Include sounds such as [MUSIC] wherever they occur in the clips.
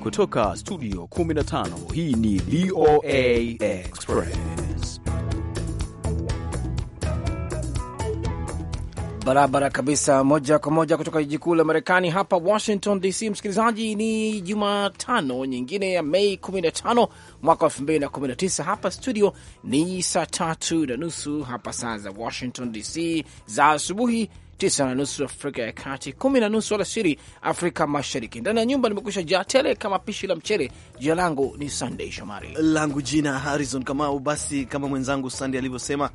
Kutoka studio 15 hii ni VOA Express barabara kabisa, moja kwa moja kutoka jiji kuu la Marekani hapa Washington DC. Msikilizaji, ni Jumatano nyingine ya Mei 15 mwaka 2019. Hapa studio ni saa tatu na nusu hapa saa za Washington DC za asubuhi tisa na nusu Afrika ya Kati, kumi na nusu alasiri Afrika Mashariki. Ndani ya nyumba nimekusha jaa tele kama pishi la mchele. Jina langu ni sandey Shomari, langu jina Harrison Kamau. Basi kama mwenzangu Sandey alivyosema,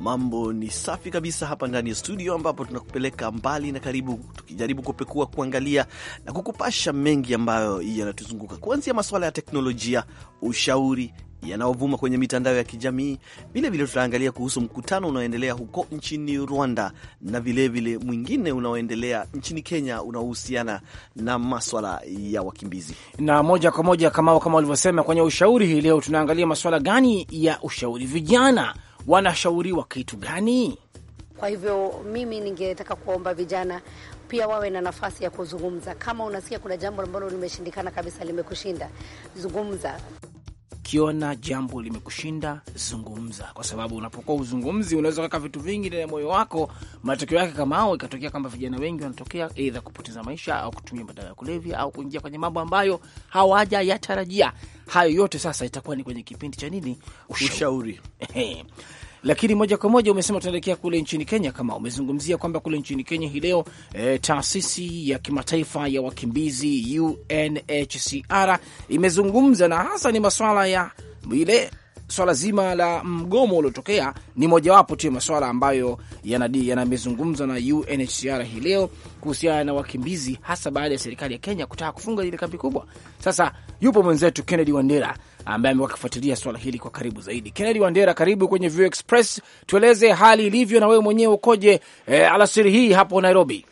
mambo ni safi kabisa hapa ndani ya studio, ambapo tunakupeleka mbali na karibu, tukijaribu kupekua, kuangalia na kukupasha mengi ambayo yanatuzunguka, kuanzia masuala ya teknolojia, ushauri yanayovuma kwenye mitandao ya kijamii. Vilevile tutaangalia kuhusu mkutano unaoendelea huko nchini Rwanda na vilevile vile mwingine unaoendelea nchini Kenya unaohusiana na maswala ya wakimbizi. Na moja kwa moja Kamao, kama walivyosema kwenye ushauri, hii leo tunaangalia maswala gani ya ushauri, vijana wanashauriwa kitu gani? Kwa hivyo mimi ningetaka kuomba vijana pia wawe na nafasi ya kuzungumza. Kama unasikia kuna jambo ambalo limeshindikana kabisa, limekushinda, zungumza ukiona jambo limekushinda zungumza, kwa sababu unapokuwa uzungumzi unaweza kuweka vitu vingi ndani ya moyo wako. Matokeo yake kama hao, ikatokea kwamba vijana wengi wanatokea eidha kupoteza maisha au kutumia madawa ya kulevya au kuingia kwenye mambo ambayo hawaja yatarajia. Hayo yote sasa itakuwa ni kwenye kipindi cha nini, ushauri, ushauri. [LAUGHS] Lakini moja kwa moja umesema tunaelekea kule nchini Kenya, kama umezungumzia kwamba kule nchini Kenya hii leo e, taasisi ya kimataifa ya wakimbizi UNHCR imezungumza na hasa ni masuala ya ile swala zima la mgomo uliotokea ni mojawapo tu ya maswala ambayo yanamezungumzwa yana na UNHCR hii leo kuhusiana na wakimbizi, hasa baada ya serikali ya Kenya kutaka kufunga ile kambi kubwa. Sasa yupo mwenzetu Kennedy Wandera ambaye amekuwa akifuatilia swala hili kwa karibu zaidi. Kennedy Wandera, karibu kwenye View Express, tueleze hali ilivyo na wewe mwenyewe ukoje eh, alasiri hii hapo Nairobi?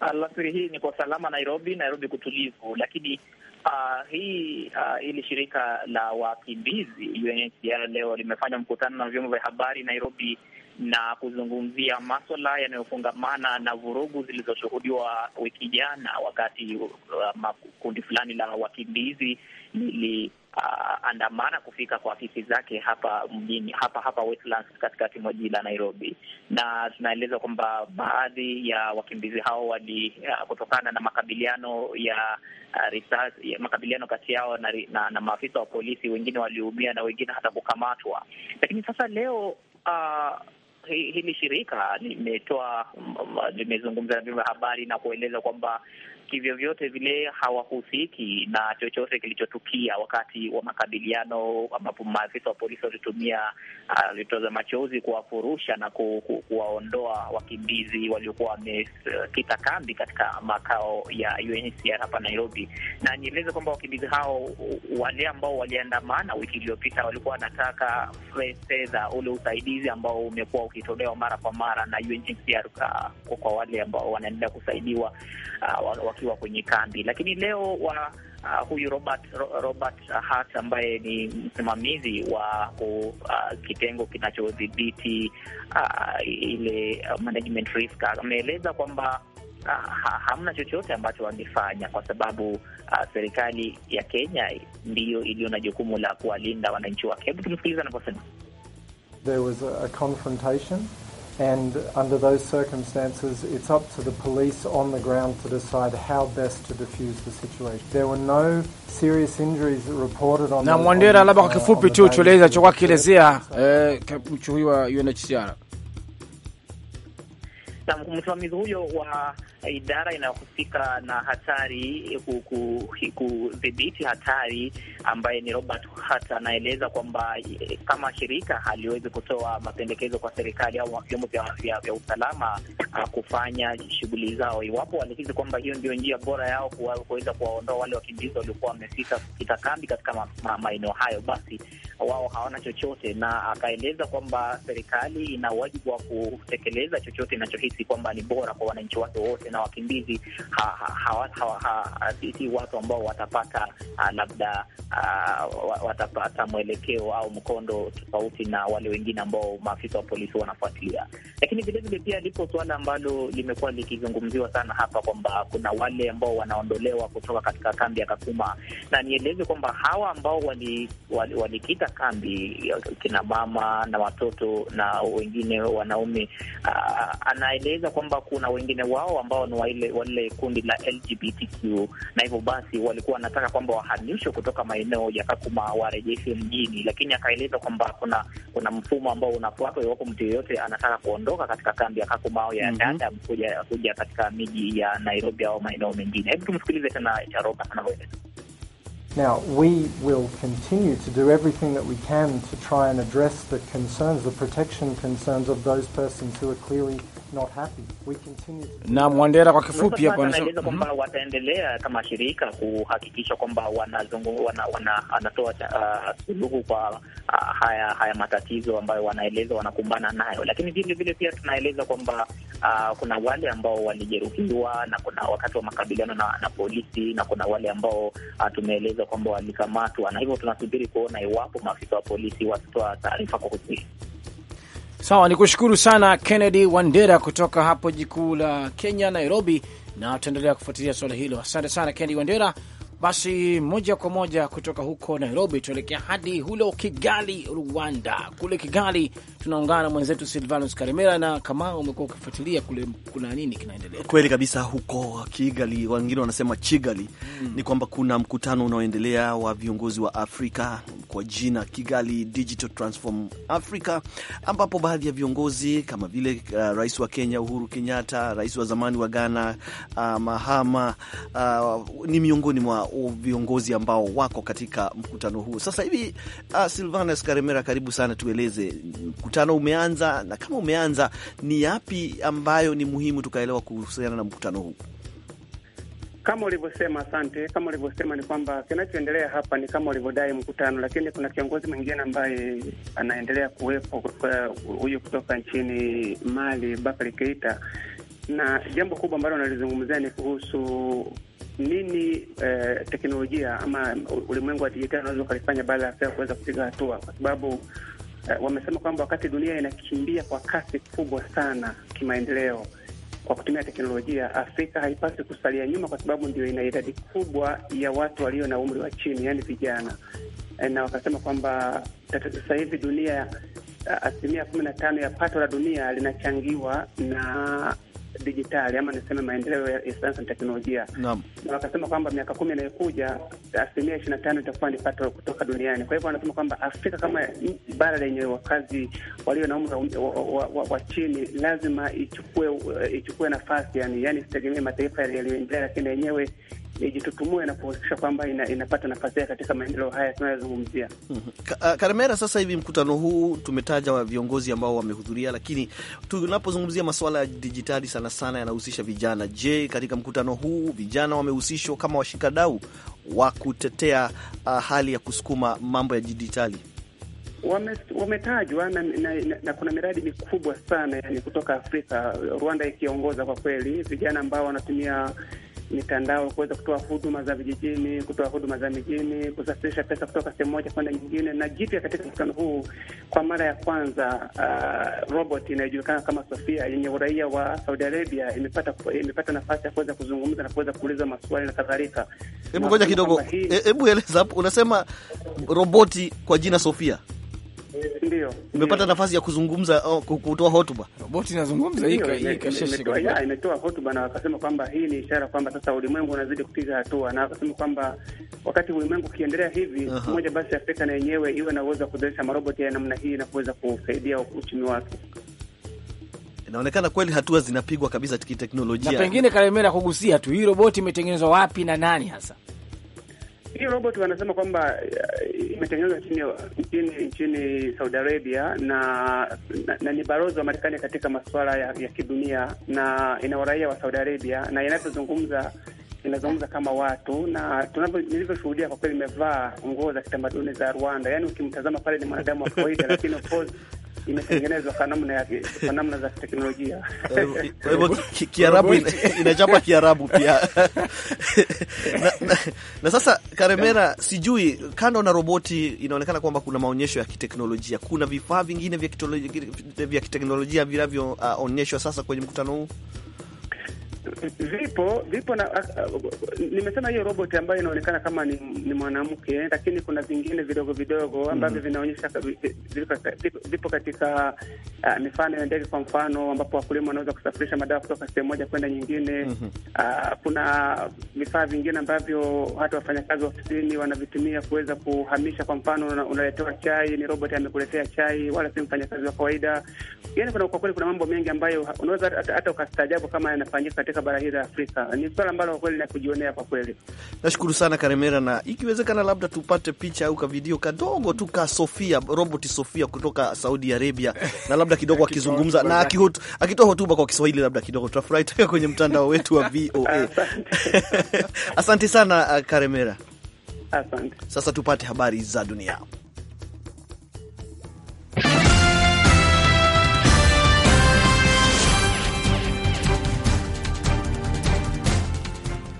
Alasiri hii ni kwa salama Nairobi, Nairobi kutulivu, lakini Uh, hii uh, ah, ili shirika la wakimbizi UNHCR leo limefanya mkutano na vyombo vya habari Nairobi na kuzungumzia maswala yanayofungamana na vurugu zilizoshuhudiwa wiki jana, wakati uh, makundi fulani la wakimbizi lili uh, andamana kufika kwa afisi zake hapa mjini hapa hapa Westlands katikati mwa jiji la Nairobi, na tunaeleza kwamba baadhi ya wakimbizi hao wali uh, kutokana na makabiliano ya uh, risasi, ya makabiliano kati yao na, na, na maafisa wa polisi, wengine waliumia na wengine hata kukamatwa. Lakini sasa leo uh, hili shirika limetoa limezungumza na vyombo vya habari na kueleza kwamba kivyovyote vile hawahusiki na chochote kilichotukia wakati wa makabiliano, ambapo maafisa wa polisi walitumia uh, vitoza machozi kuwafurusha na ku, ku, kuwaondoa wakimbizi waliokuwa wamekita kambi katika makao ya UNHCR hapa Nairobi. Na nieleze kwamba wakimbizi hao wale ambao waliandamana wiki iliyopita walikuwa wanataka fedha, ule usaidizi ambao umekuwa ukitolewa mara kwa mara na UNHCR uh, kwa wale ambao wanaendelea kusaidiwa uh, wakiwa kwenye kambi, lakini leo wa Uh, huyu Robert Robert Hart ambaye ni msimamizi wa uh, kitengo kinachodhibiti uh, ile uh, management risk ameeleza kwamba uh, hamna chochote ambacho wangefanya kwa sababu uh, serikali ya Kenya ndiyo iliyo na jukumu la kuwalinda wananchi wake. Hebu tumsikiliza anavyosema. There was a confrontation and under those circumstances, it's up to the police on the ground to decide how best to defuse the situation. There were no serious injuries reported on. Na Mwandera, labda kwa kifupi tu tueleza chokuwa kielezea mchu wa UNHCR na msimamizi huyo wa idara inayohusika na hatari, kudhibiti hatari, ambaye ni Robert Hart, anaeleza kwamba eh, kama shirika haliwezi kutoa mapendekezo kwa serikali au vyombo vya usalama ah, kufanya shughuli zao, iwapo walihisi kwamba hiyo ndio njia bora yao kuweza kuwaondoa wale wakimbizi waliokuwa wamefika kita kambi katika maeneo hayo, basi wao hawana chochote, na akaeleza kwamba serikali ina wajibu wa kutekeleza chochote inachohisi kwamba ni bora kwa wananchi wake wote na wakimbizi si watu ambao watapata labda watapata mwelekeo au mkondo tofauti na wale wengine ambao maafisa wa polisi wanafuatilia. Lakini vilevile pia lipo suala ambalo limekuwa likizungumziwa sana hapa kwamba kuna wale ambao wanaondolewa kutoka katika kambi ya Kakuma, na nieleze kwamba hawa ambao walikita wali, wali kambi kina mama na watoto na wengine wanaume, anaeleza kwamba kuna wengine wao ambao mkono wa ile wa lile kundi la LGBTQ, na hivyo basi walikuwa wanataka kwamba wahamishwe kutoka maeneo ya Kakuma warejeshe mjini, lakini akaeleza kwamba kuna kuna mfumo ambao unafuatwa iwapo mtu yeyote anataka kuondoka katika kambi ya Kakuma au ya mhm. Dadaab mm -hmm. kuja, kuja katika miji ya Nairobi au maeneo mengine. Hebu tumsikilize tena Charoba anavyoeleza. Now, we will continue to do everything that we can to try and address the concerns, the protection concerns of those persons who are clearly na Mwandera, kwa kifupi hapa anaeleza kwamba mhm. wataendelea kama shirika kuhakikisha kwamba wanatoa ah, suluhu kwa ah, haya haya matatizo ambayo wanaeleza wanakumbana nayo, lakini vile vile pia tunaeleza kwamba uh, kuna wale ambao walijeruhiwa na kuna wakati wa makabiliano na, na polisi na kuna wale ambao uh, tumeeleza kwamba walikamatwa, na hivyo tunasubiri kuona iwapo maafisa wa polisi watatoa taarifa kwa Sawa, ni kushukuru sana Kennedy Wandera kutoka hapo jikuu la Kenya, Nairobi, na tutaendelea kufuatilia suala hilo. Asante sana Kennedy Wandera. Basi moja kwa moja kutoka huko Nairobi tuelekea hadi hulo Kigali, Rwanda. Kule Kigali tunaungana na mwenzetu Silvanus Karimera, na kama umekuwa ukifuatilia kule, kuna nini kinaendelea? Kweli kabisa huko Kigali, wengine wanasema Chigali. Hmm, ni kwamba kuna mkutano unaoendelea wa viongozi wa Afrika kwa jina Kigali Digital Transform Africa, ambapo baadhi ya viongozi kama vile uh, rais wa Kenya Uhuru Kenyatta, rais wa zamani wa Ghana uh, Mahama uh, ni miongoni mwa viongozi ambao wako katika mkutano huo sasa hivi. Uh, Silvanus Karemera, karibu sana, tueleze mkutano umeanza, na kama umeanza, ni yapi ambayo ni muhimu tukaelewa kuhusiana na mkutano huu? Kama ulivyosema, asante. Kama ulivyosema ni kwamba kinachoendelea hapa ni kama ulivyodai mkutano, lakini kuna kiongozi mwingine ambaye anaendelea kuwepo, uh, huyu kutoka nchini Mali, Bakari Keita, na jambo kubwa ambalo analizungumzia ni kuhusu nini eh, teknolojia ama ulimwengu wa dijitali unaweza ukalifanya baada ya Afrika kuweza kupiga hatua, kwa sababu eh, wamesema kwamba wakati dunia inakimbia kwa kasi kubwa sana kimaendeleo kwa kutumia teknolojia, Afrika haipaswi kusalia nyuma, kwa sababu ndio ina idadi kubwa ya watu walio na umri wa chini, yaani vijana. Eh, na wakasema kwamba sasa hivi dunia, asilimia kumi na tano ya pato la dunia linachangiwa na dijitali ama niseme maendeleo ya sayansi na teknolojia, na wakasema kwamba miaka kumi inayokuja asilimia ishirini na tano itakuwa ni pato kutoka duniani. Kwa hivyo wanasema kwamba Afrika kama bara lenye wakazi walio na umri wa, wa, wa, wa chini lazima ichukue, ichukue nafasi yani, yani sitegemee mataifa yaliyoendelea, lakini yenyewe ijitutumue na kuhakikisha kwamba ina, inapata nafasi yake katika maendeleo haya tunayozungumzia. mm -hmm. Uh, Karemera, sasa hivi mkutano huu tumetaja viongozi ambao wamehudhuria, lakini tunapozungumzia masuala ya dijitali sana sana yanahusisha vijana. Je, katika mkutano huu vijana wamehusishwa kama washikadau wa kutetea uh, hali ya kusukuma mambo ya dijitali? wametajwa wame na, na, na, na kuna miradi mikubwa sana yani kutoka Afrika, Rwanda ikiongoza kwa kweli, vijana ambao wanatumia mitandao kuweza kutoa huduma za vijijini, kutoa huduma za mijini, kusafirisha pesa kutoka sehemu moja kwenda nyingine. Na jipya katika mkutano huu, kwa mara ya kwanza, uh, robot inayojulikana kama Sofia yenye uraia wa Saudi Arabia imepata imepata nafasi ya kuweza kuzungumza na kuweza kuuliza maswali na kadhalika. Hebu ngoja kidogo, e, hebu eleza hapo, unasema roboti kwa jina Sofia ndio. Umepata nafasi ya kuzungumza oh, kutoa hotuba? Roboti inazungumza hii imetoa hotuba na wakasema kwamba hii ni ishara kwamba sasa ulimwengu unazidi kupiga hatua, na wakasema kwamba wakati ulimwengu ukiendelea hivi moja, basi Afrika na yenyewe iwe na uwezo wa kuzalisha maroboti ya namna hii na kuweza kusaidia uchumi wake. Inaonekana kweli hatua zinapigwa kabisa kiteknolojia. Na pengine Karemera kugusia tu hii roboti imetengenezwa wapi na nani hasa? hiyo robot wanasema kwamba eh, imetengenezwa nchini nchini Saudi Arabia na, na, na ni balozi wa Marekani katika masuala ya, ya kidunia na ina uraia wa Saudi Arabia na inavyozungumza inazungumza kama watu na tunavyo nilivyoshuhudia, kwa kweli imevaa nguo za kitamaduni za Rwanda. Yani ukimtazama pale ni mwanadamu wa kawaida, [LAUGHS] lakini of course imetengenezwa kwa namna ya kwa namna za teknolojia. Kwa hivyo Kiarabu inachapa Kiarabu pia [LAUGHS] na, na, na sasa Karemera, sijui kando na roboti, inaonekana kwamba kuna maonyesho ya kiteknolojia, kuna vifaa vingine vya kiteknolojia vinavyoonyeshwa uh, sasa kwenye mkutano huu? Vipo vipo na uh, nimesema hiyo robot ambayo inaonekana kama ni, ni mwanamke, lakini kuna vingine vidogo vidogo ambavyo mm, vinaonyesha vipo katika uh, mifano ya ndege, kwa mfano ambapo wakulima wanaweza kusafirisha madawa kutoka sehemu moja kwenda nyingine. mm -hmm. Uh, kuna vifaa vingine ambavyo hata wafanyakazi wa ofisini wanavitumia kuweza kuhamisha, kwa mfano unaletewa chai, ni robot amekuletea chai, wala si mfanyakazi wa kawaida. Yani kwa kweli kuna mambo mengi ambayo unaweza hata ukastaajabu kama yanafanyika katika bara hili la Afrika. Ni swala ambalo kwa kweli la kujionea kwa kweli. Nashukuru sana Karemera, na ikiwezekana labda tupate picha au ka video kadogo tu ka Sofia, robot Sofia kutoka Saudi Arabia, na labda [LAUGHS] kidogo akizungumza na akitoa hotuba kwa Kiswahili labda kidogo, tutafurahi [LAUGHS] tena kwenye mtandao wetu wa VOA. [LAUGHS] Asante sana Karemera, asante. Sasa tupate habari za dunia.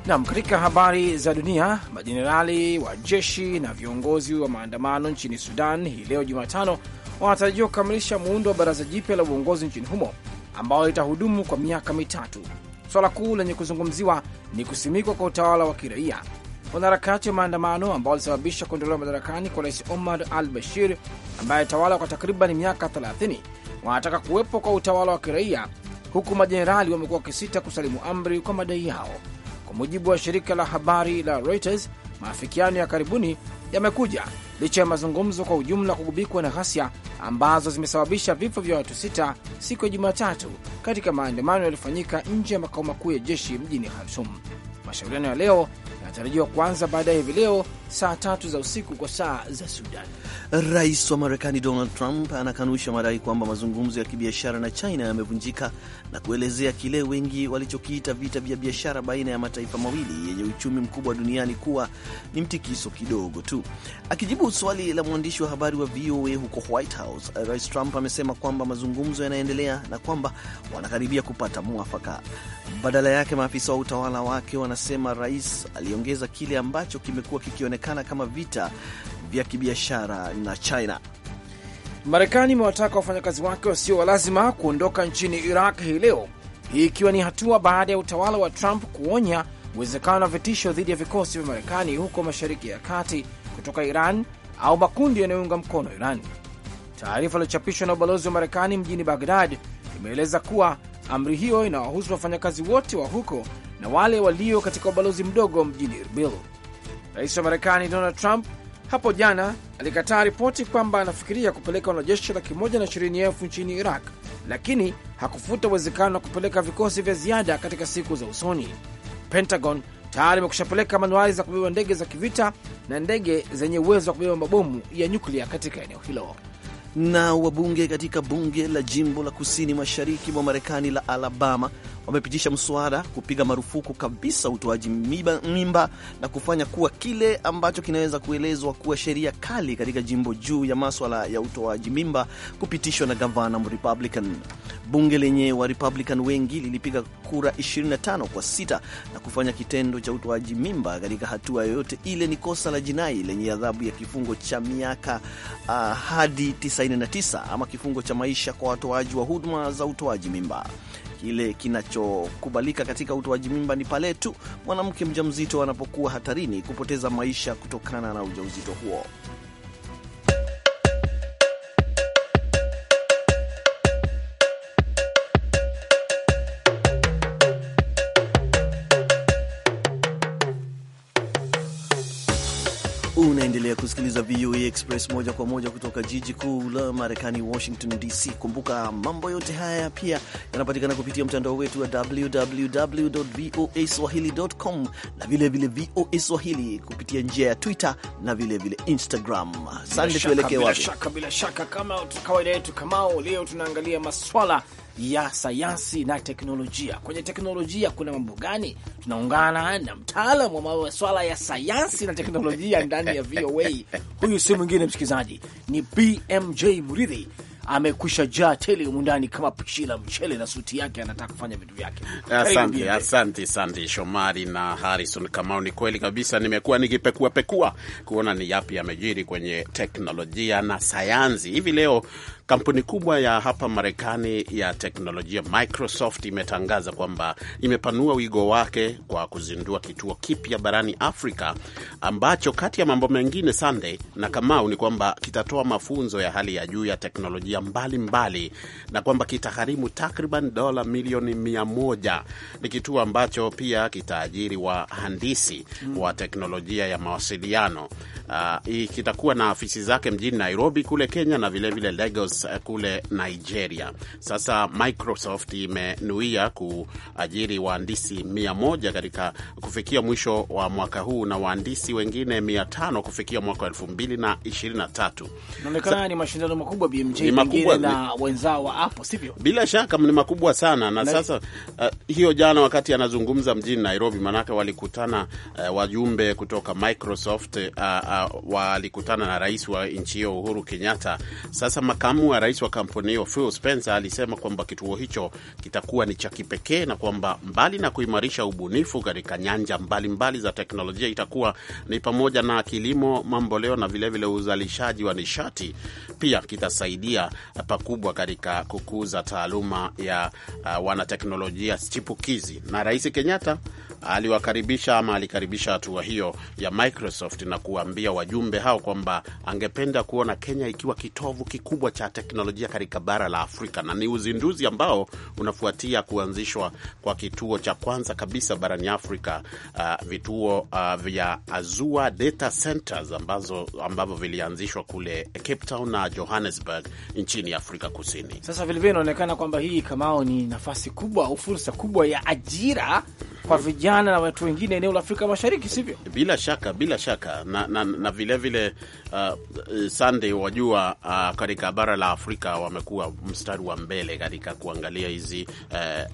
Nam, katika habari za dunia, majenerali wa jeshi na viongozi wa maandamano nchini Sudan hii leo Jumatano wanatarajiwa kukamilisha muundo wa baraza jipya la uongozi nchini humo ambao litahudumu kwa miaka mitatu. Swala kuu lenye kuzungumziwa ni kusimikwa kwa utawala wa kiraia. Wanaharakati wa maandamano ambao walisababisha kuondolewa madarakani kwa rais Omar al Bashir ambaye alitawala kwa takriban miaka 30 wanataka kuwepo kwa utawala wa kiraia, huku majenerali wamekuwa wakisita kusalimu amri kwa madai yao. Kwa mujibu wa shirika la habari la Reuters, maafikiano ya karibuni yamekuja licha ya mazungumzo kwa ujumla kugubikwa na ghasia ambazo zimesababisha vifo vya watu sita siku ya Jumatatu katika maandamano yaliyofanyika nje ya makao makuu ya jeshi mjini Khartoum. Mashauriano ya leo yanatarajiwa kuanza baadaye hivi leo saa tatu za usiku kwa saa za Sudan. Rais wa Marekani Donald Trump anakanusha madai kwamba mazungumzo ya kibiashara na China yamevunjika na kuelezea kile wengi walichokiita vita vya biashara baina ya mataifa mawili yenye uchumi mkubwa duniani kuwa ni mtikiso kidogo tu. Akijibu swali la mwandishi wa habari wa VOA huko White House, Rais Trump amesema kwamba mazungumzo yanaendelea na kwamba wanakaribia kupata mwafaka. Badala yake, maafisa wa utawala wake wanasema rais aliongea kuongeza kile ambacho kimekuwa kikionekana kama vita vya kibiashara na China. Marekani imewataka wafanyakazi wake wasio walazima kuondoka nchini Iraq hii leo, hii ikiwa ni hatua baada ya utawala wa Trump kuonya uwezekano wa vitisho dhidi ya vikosi vya Marekani huko Mashariki ya Kati kutoka Iran au makundi yanayounga mkono Iran. Taarifa iliyochapishwa na ubalozi wa Marekani mjini Bagdad imeeleza kuwa amri hiyo inawahusu wafanyakazi wote wa huko na wale walio katika ubalozi mdogo mjini Erbil. Rais wa Marekani Donald Trump hapo jana alikataa ripoti kwamba anafikiria kupeleka wanajeshi laki moja na ishirini elfu nchini Iraq, lakini hakufuta uwezekano wa kupeleka vikosi vya ziada katika siku za usoni. Pentagon tayari imekushapeleka manuari za kubeba ndege za kivita na ndege zenye uwezo wa kubeba mabomu ya nyuklia katika eneo hilo na wabunge katika bunge la jimbo la kusini mashariki mwa Marekani la Alabama wamepitisha mswada kupiga marufuku kabisa utoaji mimba na kufanya kuwa kile ambacho kinaweza kuelezwa kuwa sheria kali katika jimbo juu ya maswala ya utoaji mimba kupitishwa na gavana Mrepublican. Bunge lenye wa Republican wengi lilipiga kura 25 kwa sita na kufanya kitendo cha utoaji mimba katika hatua yoyote ile ni kosa la jinai lenye adhabu ya kifungo cha miaka uh, hadi tisa 49 ama kifungo cha maisha kwa watoaji wa huduma za utoaji mimba. Kile kinachokubalika katika utoaji mimba ni pale tu mwanamke mjamzito anapokuwa hatarini kupoteza maisha kutokana na ujauzito huo. Unaendelea kusikiliza VOA Express moja kwa moja kutoka jiji kuu la Marekani, Washington DC. Kumbuka mambo yote haya pia yanapatikana kupitia mtandao wetu wa www voa swahili.com na vilevile VOA Swahili kupitia njia ya Twitter na vilevile vile Instagram. Sande, tuelekee wapi? Bila shaka, bila shaka, kama kawaida yetu, Kamao, leo tunaangalia maswala ya sayansi na teknolojia. Kwenye teknolojia kuna mambo gani? Tunaungana na mtaalam wa maswala ya sayansi na teknolojia ndani ya VOA. [LAUGHS] Huyu si mwingine msikilizaji, ni BMJ Muridhi amekwisha jaa tele humu ndani kama pishi la mchele na suti yake, anataka kufanya vitu vyake. Asante, asante Sandi Shomari na Harrison Kamau. Ni kweli kabisa, nimekuwa nikipekuapekua kuona ni yapi yamejiri kwenye teknolojia na sayansi hivi leo. Kampuni kubwa ya hapa Marekani ya teknolojia Microsoft imetangaza kwamba imepanua wigo wake kwa kuzindua kituo kipya barani Afrika ambacho kati ya mambo mengine, Sunday na Kamau, ni kwamba kitatoa mafunzo ya hali ya juu ya teknolojia mbalimbali mbali, na kwamba kitagharimu takriban dola milioni mia moja. Ni kituo ambacho pia kitaajiri wahandisi hmm. wa teknolojia ya mawasiliano. Uh, kitakuwa na afisi zake mjini Nairobi kule Kenya na vilevile Lagos Eh, kule Nigeria. Sasa Microsoft imenuia kuajiri waandisi mia moja katika kufikia mwisho wa mwaka huu na waandisi wengine mia tano kufikia mwaka elfu mbili na ishirini na tatu. Inaonekana ni mashindano makubwa BMJ, makubwa na wenzao wa hapo, sivyo? Bila shaka ni makubwa sana na, na sasa uh, hiyo jana wakati anazungumza mjini Nairobi, manake walikutana uh, wajumbe kutoka Microsoft uh, uh, walikutana na rais wa nchi hiyo Uhuru Kenyatta. Sasa makamu Makamu rais wa kampuni hiyo Phil Spencer alisema kwamba kituo hicho kitakuwa ni cha kipekee na kwamba mbali na kuimarisha ubunifu katika nyanja mbalimbali mbali za teknolojia, itakuwa ni pamoja na kilimo mamboleo na vilevile uzalishaji wa nishati. Pia kitasaidia pakubwa katika kukuza taaluma ya uh, wanateknolojia chipukizi. Na Rais Kenyatta aliwakaribisha ama alikaribisha hatua hiyo ya Microsoft na kuwaambia wajumbe hao kwamba angependa kuona Kenya ikiwa kitovu kikubwa cha teknolojia katika bara la Afrika, na ni uzinduzi ambao unafuatia kuanzishwa kwa kituo cha kwanza kabisa barani Afrika, uh, vituo uh, vya Azure Data Centers ambazo ambavyo vilianzishwa kule Cape Town na Johannesburg nchini Afrika Kusini. Sasa vilevile inaonekana kwamba hii kamao ni nafasi kubwa au fursa kubwa ya ajira kwa vijana na watu wengine eneo la Afrika Mashariki, sivyo? Bila shaka, bila shaka na, na, na vile vile uh, eh, Sunday wajua, uh, katika bara la Afrika wamekuwa mstari wa mbele katika kuangalia hizi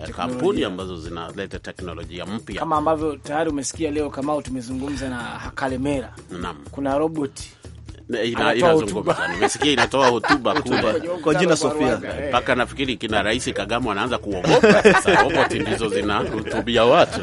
uh, kampuni ambazo zinaleta teknolojia mpya kama ambavyo tayari umesikia leo, Kamau, tumezungumza na Hakalemera. Naam. kuna roboti inazungumza [LAUGHS] nimesikia inatoa hotuba kubwa [LAUGHS] kwa jina Sofia eh. mpaka nafikiri kina Rais Kagame anaanza kuogopa ndizo [LAUGHS] roboti ndizo zinahutubia watu.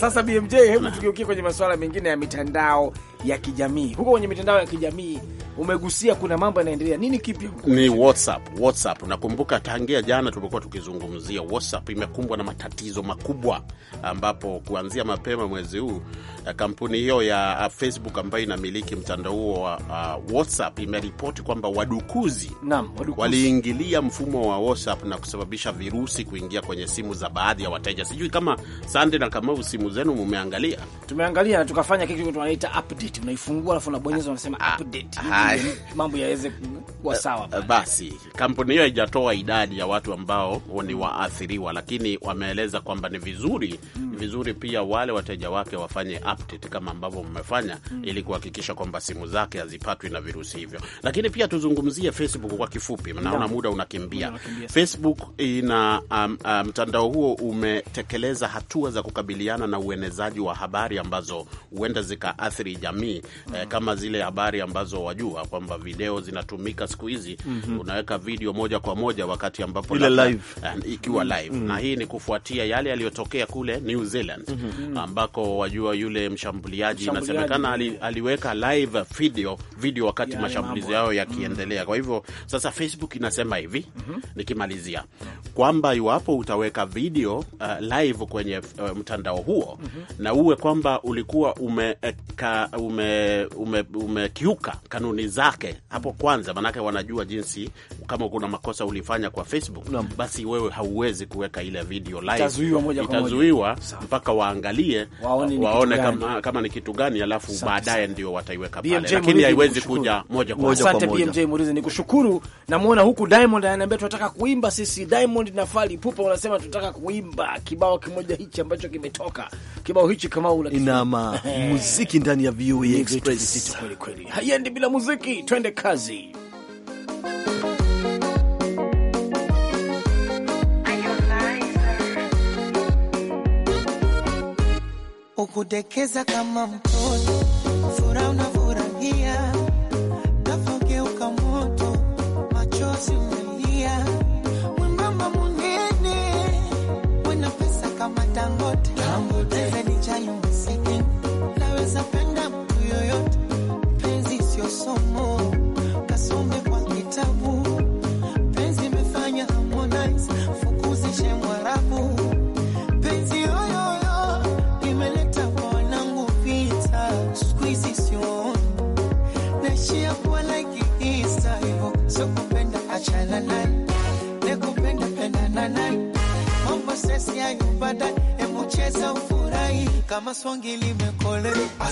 sasa BMJ, hebu tugeukie kwenye masuala mengine ya mitandao ya kijamii. Huko kwenye mitandao ya kijamii umegusia, kuna mambo yanaendelea. Nini kipya Ni WhatsApp. WhatsApp nakumbuka tangia jana tumekuwa tukizungumzia WhatsApp imekumbwa na matatizo makubwa, ambapo kuanzia mapema mwezi huu eh, kampuni hiyo ya eh, Facebook ambayo inamiliki mtandao huo wa uh, WhatsApp imeripoti kwamba wadukuzi, naam, wadukuzi waliingilia mfumo wa WhatsApp na kusababisha virusi kuingia kwenye simu za baadhi ya wateja. Sijui kama Sande na Kamau simu zenu mumeangalia? Tumeangalia na tukafanya kitu tunaita update update, unaifungua alafu unabonyeza, unasema update, mambo yaweze kuwa eh, sawa. Basi kampuni hiyo haijatoa idadi ya watu ambao ni waathiriwa, lakini wameeleza kwamba ni vizuri mm vizuri pia wale wateja wake wafanye update kama ambavyo mmefanya mm. ili kuhakikisha kwamba simu zake hazipatwi na virusi hivyo. Lakini pia tuzungumzie Facebook kwa kifupi, naona muda unakimbia. Facebook ina mtandao um, um, huo umetekeleza hatua za kukabiliana na uenezaji wa habari ambazo huenda zikaathiri jamii mm. eh, mm-hmm. kama zile habari ambazo wajua kwamba video zinatumika siku hizi mm -hmm. unaweka video moja kwa moja wakati ambapo eh, ikiwa mm-hmm. live mm -hmm. na mm-hmm. hii ni kufuatia yale yaliyotokea kule news Zealand mm -hmm. ambako wajua yule mshambuliaji inasemekana ali, aliweka live video, video wakati mashambulizi yao yakiendelea. mm -hmm. Kwa hivyo sasa Facebook inasema hivi mm -hmm. nikimalizia kwamba iwapo utaweka video uh, live kwenye uh, mtandao huo mm -hmm. na uwe kwamba ulikuwa umekiuka eh, ume, ume, ume kanuni zake hapo kwanza, manake wanajua jinsi kama kuna makosa ulifanya kwa Facebook no. basi wewe hauwezi kuweka ile video live, itazuiwa mpaka waangalie waone, waone kama, kama ni kitu gani, alafu baadaye ndio wataiweka pale, lakini haiwezi kuja moja kwa moja. Asante BMJ Murizi, nikushukuru. Namwona huku Diamond ananiambia tunataka kuimba sisi. Diamond na Fali Pupa wanasema tunataka kuimba kibao kimoja hichi ambacho kimetoka. Kibao hichi kama ula inama [LAUGHS] muziki ndani ya VOA e Express kweli kweli, haiendi bila muziki. Twende kazi. ukudekeza kama mtoto, furaha unafurahia, tafageuka moto, machozi umelia, mwembamba munene, wena pesa kama tangote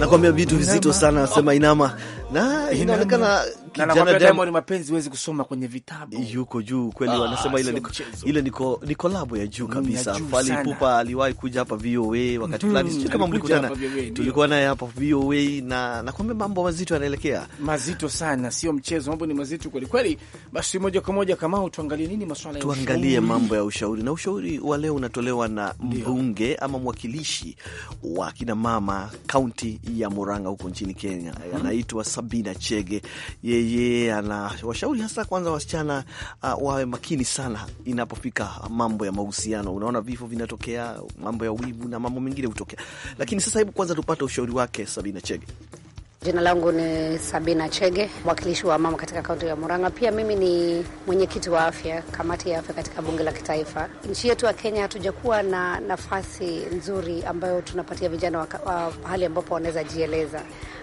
nakwambia vitu vizito sana, nasema inama na inaonekana kijana Diamond mapenzi huwezi kusoma kwenye vitabu, yuko juu kweli. Ah, wanasema ile niko ile niko niko labo ya juu mm, kabisa. Fally Ipupa aliwahi kuja hapa VOA wakati fulani, mm, sio kama mlikutana, tulikuwa naye hapa VOA na nakwambia mambo mazito yanaelekea, mazito sana, sio mchezo, mambo ni mazito kweli kweli. Basi moja kwa moja kama tuangalie nini masuala ya tuangalie mambo ya ushauri, na ushauri wa leo unatolewa na mbunge ama mwakilishi wa kina mama kaunti ya Murang'a huko nchini Kenya, hmm. anaitwa Sabina Chege yeye yeye anawashauri hasa kwanza wasichana uh, wawe makini sana inapofika mambo ya mahusiano. Unaona vifo vinatokea, mambo ya wivu na mambo mengine hutokea, lakini sasa, hebu kwanza tupate ushauri wake Sabina Chege. Jina langu ni Sabina Chege, mwakilishi wa mama katika kaunti ya Murang'a. Pia mimi ni mwenyekiti wa afya, kamati ya afya katika bunge la kitaifa. Nchi yetu ya Kenya hatujakuwa na nafasi nzuri ambayo tunapatia vijana wa, wa hali ambapo wanaweza jieleza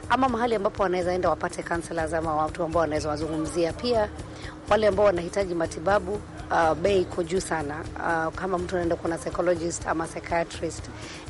ama mahali ambapo wanaweza enda wapate counselors ama watu ambao wanaweza wazungumzia. Pia wale ambao wanahitaji matibabu uh, bei iko juu sana uh, kama mtu anaenda kuona psychologist ama psychiatrist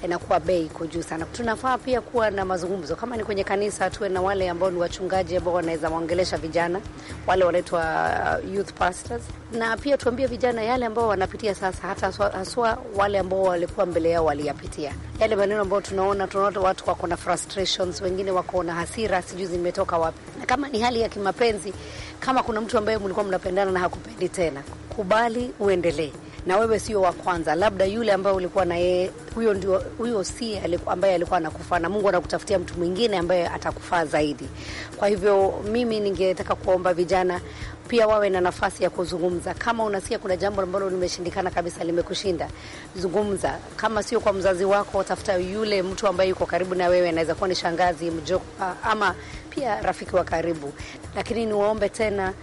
inakuwa bei iko juu sana. Tunafaa pia kuwa na mazungumzo, kama ni kwenye kanisa, tuwe na wale ambao ni wachungaji ambao wanaweza waongelesha vijana, wale wanaitwa uh, youth pastors na pia tuambie vijana yale ambao wanapitia sasa, hata haswa wale ambao walikuwa mbele yao waliyapitia yale maneno ambayo tunaona, tunaona watu wako na frustrations, wengine wako na hasira, sijui zimetoka wapi. Na kama ni hali ya kimapenzi, kama kuna mtu ambaye mlikuwa mnapendana na hakupendi tena, kubali uendelee na wewe sio wa kwanza, labda yule ambaye ulikuwa na yeye, huyo ndio huyo, si ambaye alikuwa anakufaa, na Mungu anakutafutia mtu mwingine ambaye atakufaa zaidi. Kwa hivyo mimi ningetaka kuomba vijana pia wawe na nafasi ya kuzungumza. Kama unasikia kuna jambo ambalo limeshindikana kabisa, limekushinda, zungumza. Kama sio kwa mzazi wako, tafuta yule mtu ambaye yuko karibu na wewe, anaweza kuwa ni shangazi, mjomba, ama pia rafiki wa karibu. Lakini niwaombe tena,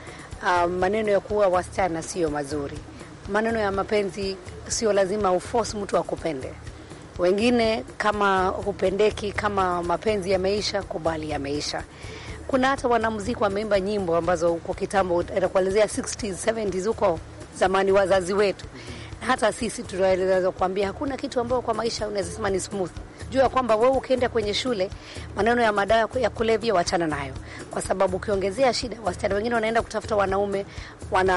uh, maneno ya kuua wasichana sio mazuri. Maneno ya mapenzi sio lazima uforce mtu akupende. Wengine kama hupendeki, kama mapenzi yameisha, kubali yameisha. Kuna hata wanamuziki wameimba nyimbo ambazo huko kitambo nakuelezea 60s 70s, huko zamani wazazi wetu na hata sisi tunaweza kuambia hakuna kitu ambayo kwa maisha unaweza sema ni smooth. Jua ya kwamba wewe ukienda kwenye shule, maneno ya madawa ya kulevya wachana nayo, kwa sababu ukiongezea shida, wasichana wengine wanaenda kutafuta wanaume, wana,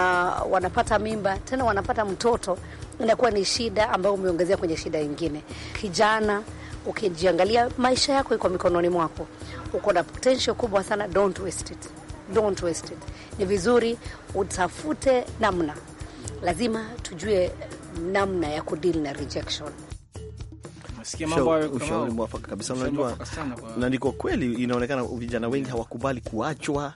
wanapata mimba tena wanapata mtoto, inakuwa ni shida ambayo umeongezea kwenye shida nyingine. Kijana, ukijiangalia maisha yako iko mikononi mwako, uko na potential kubwa sana, don't waste it. Don't waste it. Ni vizuri utafute namna, lazima tujue namna ya kudeal na rejection. Ushauri mwafaka kabisa, unajua na ndiko kweli, inaonekana vijana wengi hawakubali kuachwa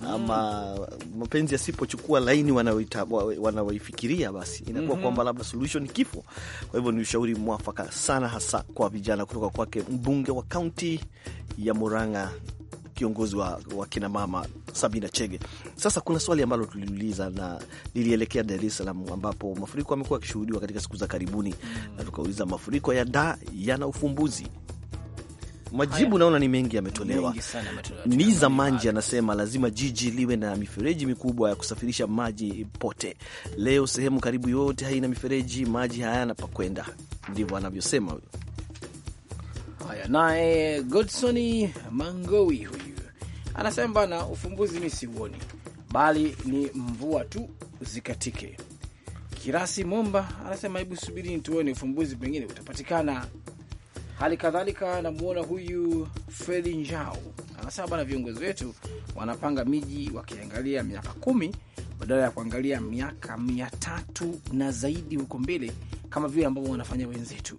ama mapenzi yasipochukua laini wanaoifikiria, basi inakuwa mm -hmm. kwamba labda solution kifo. Kwa hivyo ni ushauri mwafaka sana, hasa kwa vijana, kutoka kwake mbunge wa kaunti ya Murang'a, kiongozi wa, wa kinamama Sabina Chege. Sasa kuna swali ambalo tuliuliza na lilielekea Dar es Salaam ambapo mafuriko amekuwa akishuhudiwa katika siku za karibuni, mm. na tukauliza mafuriko ya da yana ufumbuzi Majibu naona ni mengi yametolewa. Niza Manji anasema lazima jiji liwe na mifereji mikubwa ya kusafirisha maji pote. Leo sehemu karibu yote haina mifereji, maji hayana pa kwenda, ndivyo anavyosema huyo. Haya, naye Godson Mangowi huyu anasema bana, ufumbuzi mi siuoni, bali ni mvua tu zikatike. Kirasi Momba anasema hebu subiri nituone ufumbuzi, pengine utapatikana. Hali kadhalika namwona huyu Fredi Njau anasema, bana, viongozi wetu wanapanga miji wakiangalia miaka kumi badala ya kuangalia miaka mia tatu na zaidi huko mbele, kama vile ambavyo wanafanya wenzetu.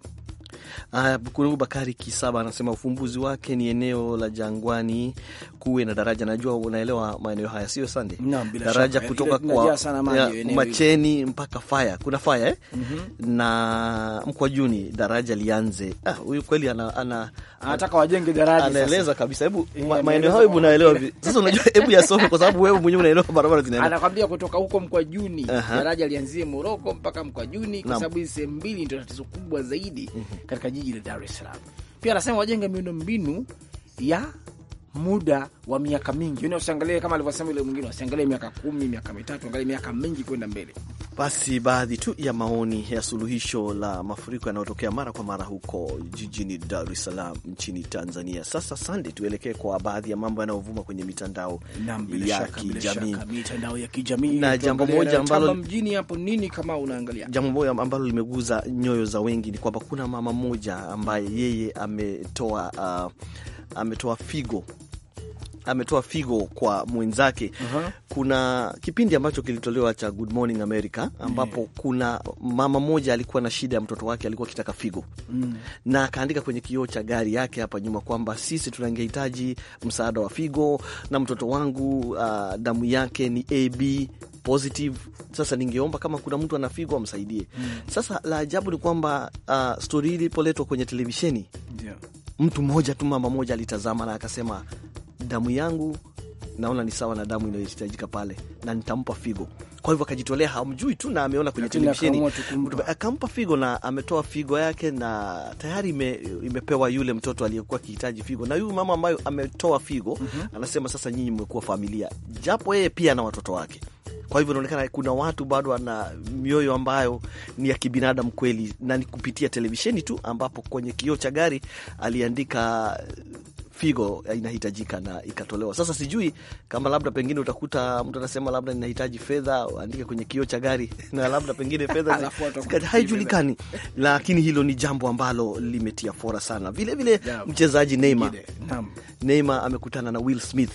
Uh, Bakari Kisaba anasema ufumbuzi wake ni eneo la Jangwani kuwe na daraja. Najua unaelewa maeneo haya, sio Sande? Daraja shaka, kutoka kwa Macheni mpaka Faya, kuna Faya eh? mm -hmm. na Mkwajuni daraja lianze. Ah, huyu ah, kweli ana, ana, anataka wajenge daraja, anaeleza kabisa. Hebu maeneo hayo, hebu naelewa sasa, unajua hebu yasome kwa sababu wewe mwenyewe unaelewa barabara zinaenda. Anakwambia kutoka huko Mkwajuni uh -huh. daraja lianzie Moroko mpaka Mkwajuni, kwa sababu hizi sehemu mbili ndio tatizo kubwa zaidi mm -hmm katika jiji la Dar es Salaam. Pia anasema wajenge miundo mbinu ya muda wa miaka mingi, yaani usiangalie kama alivyosema yule mwingine, usiangalie miaka kumi, miaka mitatu, angalie miaka mingi kwenda mbele. Basi baadhi tu ya maoni ya suluhisho la mafuriko yanayotokea mara kwa mara huko jijini Dar es Salaam nchini Tanzania. Sasa sande, tuelekee kwa baadhi ya mambo yanayovuma kwenye mitandao ya kijamii, mitandao ya kijamii, na jambo moja ambalo mjini hapo nini, kama unaangalia jambo moja ambalo limeguza nyoyo za wengi ni kwamba kuna mama mmoja ambaye yeye ametoa uh, ametoa figo ametoa figo kwa mwenzake. uh -huh. Kuna kipindi ambacho kilitolewa cha Good Morning America ambapo yeah. Mm. kuna mama moja alikuwa na shida ya mtoto wake, alikuwa akitaka figo mm. na akaandika kwenye kioo cha gari yake hapa nyuma kwamba sisi tunangehitaji msaada wa figo na mtoto wangu uh, damu yake ni AB positive. Sasa ningeomba kama kuna mtu ana figo amsaidie. mm. Sasa la ajabu ni kwamba uh, stori hili ilipoletwa kwenye televisheni yeah mtu mmoja tu, mama mmoja alitazama na akasema, damu yangu naona ni sawa na damu inayohitajika pale, na nitampa figo. Kwa hivyo akajitolea, hamjui tu na ameona kwenye televisheni, akampa figo na ametoa figo yake, na tayari ime, imepewa yule mtoto aliyekuwa akihitaji figo. Na huyu mama ambayo ametoa figo mm -hmm. anasema sasa nyinyi mmekuwa familia, japo yeye pia na watoto wake kwa hivyo inaonekana kuna watu bado wana mioyo ambayo ni ya kibinadamu kweli, na ni kupitia televisheni tu ambapo kwenye kioo cha gari aliandika uh, figo inahitajika na ikatolewa. Sasa sijui kama labda pengine utakuta mtu anasema labda ninahitaji fedha, andike kwenye kioo cha gari [LAUGHS] na labda pengine [LAUGHS] fedha haijulikani, lakini hilo ni jambo ambalo limetia fora sana. Vilevile mchezaji Neymar, Neymar amekutana na Will Smith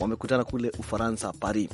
wamekutana kule Ufaransa, Paris.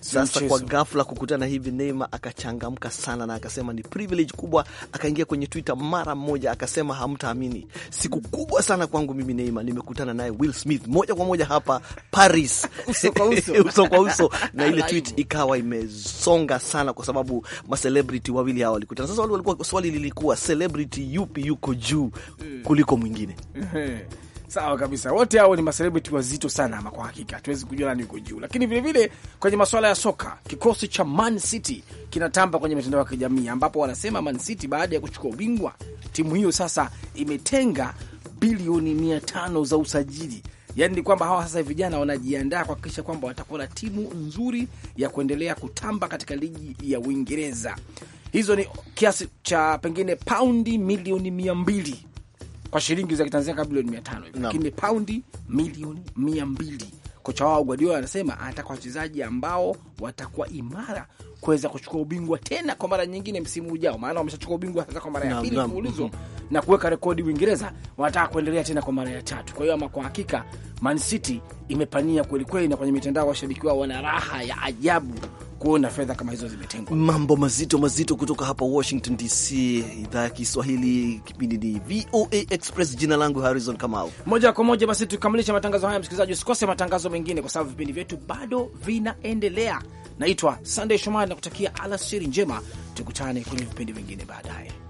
Sasa kwa ghafla kukutana hivi, Neymar akachangamka sana na akasema ni privilege kubwa, akaingia kwenye Twitter mara moja akasema, hamtaamini, siku kubwa sana kwangu mimi Neymar, nimekutana naye Will Smith moja kwa moja hapa Paris, [LAUGHS] uso kwa uso, [LAUGHS] uso kwa uso. Na ile tweet ikawa imesonga sana, kwa sababu macelebrity wawili hawa walikutana. Sasa walikuwa, swali lilikuwa celebrity yupi yuko juu eh. kuliko mwingine? Eh. Sawa kabisa, wote hao ni maselebriti wazito sana, ama kwa hakika hatuwezi kujua nani yuko juu. Lakini vilevile kwenye masuala ya soka, kikosi cha Man City kinatamba kwenye mitandao ya kijamii, ambapo wanasema Man City baada ya kuchukua ubingwa, timu hiyo sasa imetenga bilioni mia tano za usajili. yani ni kwamba hawa sasa vijana wanajiandaa kuhakikisha kwamba watakuwa na timu nzuri ya kuendelea kutamba katika ligi ya Uingereza. Hizo ni kiasi cha pengine paundi milioni mia mbili kwa shilingi za Kitanzania kama bilioni mia tano hivi, lakini paundi milioni mia mbili. Kocha wao Guardiola anasema anataka wachezaji ambao watakuwa imara kuweza kuchukua ubingwa tena kwa mara nyingine msimu ujao, maana wameshachukua ubingwa sasa kwa mara ya pili mfululizo mhm. na kuweka rekodi Uingereza, wanataka kuendelea tena kwa mara ya tatu. Kwa hiyo ama kwa hakika Man City imepania kwelikweli, na kwenye mitandao washabiki wao wana raha ya ajabu kuona fedha kama hizo zimetengwa. Mambo mazito mazito kutoka hapa Washington DC, idhaa ya Kiswahili, kipindi ni VOA Express. Jina langu Harrison Kamau. Moja kwa moja basi tukamilisha matangazo haya, msikilizaji, usikose matangazo mengine, kwa sababu vipindi vyetu bado vinaendelea. Naitwa sandey Shomari na kutakia alasiri njema, tukutane kwenye vipindi vingine baadaye.